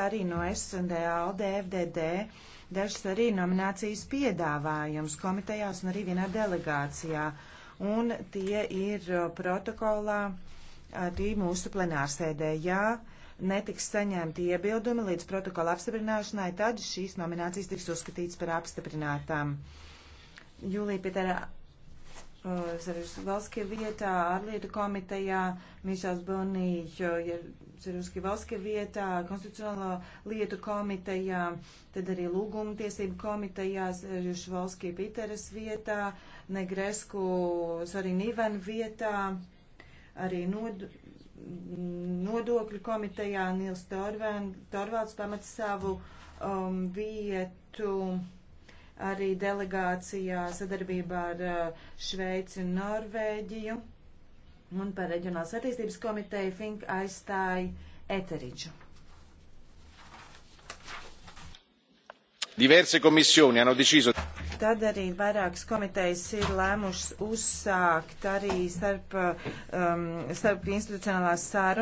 arī no SND, ALDE, FDD, dažas arī nominācijas piedāvājums komitejās un arī vienā delegācijā. Un tie ir uh, protokolā arī mūsu plenārsēdē. Jā, netiks saņemti iebildumi līdz protokola apstiprināšanai, tad šīs nominācijas tiks uzskatītas par apstiprinātām. Jūlija Pitera Sarjuska eh, Valskie vietā, ārlietu komitejā, Mišels Bonīčo ir Sarjuska Valskie vietā, konstitucionālo lietu komitejā, tad arī lūguma tiesību komitejā, Sarjuska Valskie Piteres vietā, Negresku Sariniven vietā, arī nod, nodokļu komitejā Nils Torvalds pamats savu um, vietu arī delegācijā sadarbībā ar uh, Šveici un Norvēģiju un par reģionālas attīstības komiteju Fink aizstāja Eteriču. Diverse komisioni hanno deciso. Tad arī vairākas komitejas ir lēmušas uzsākt arī starp, um, starp institucionālās sārunas.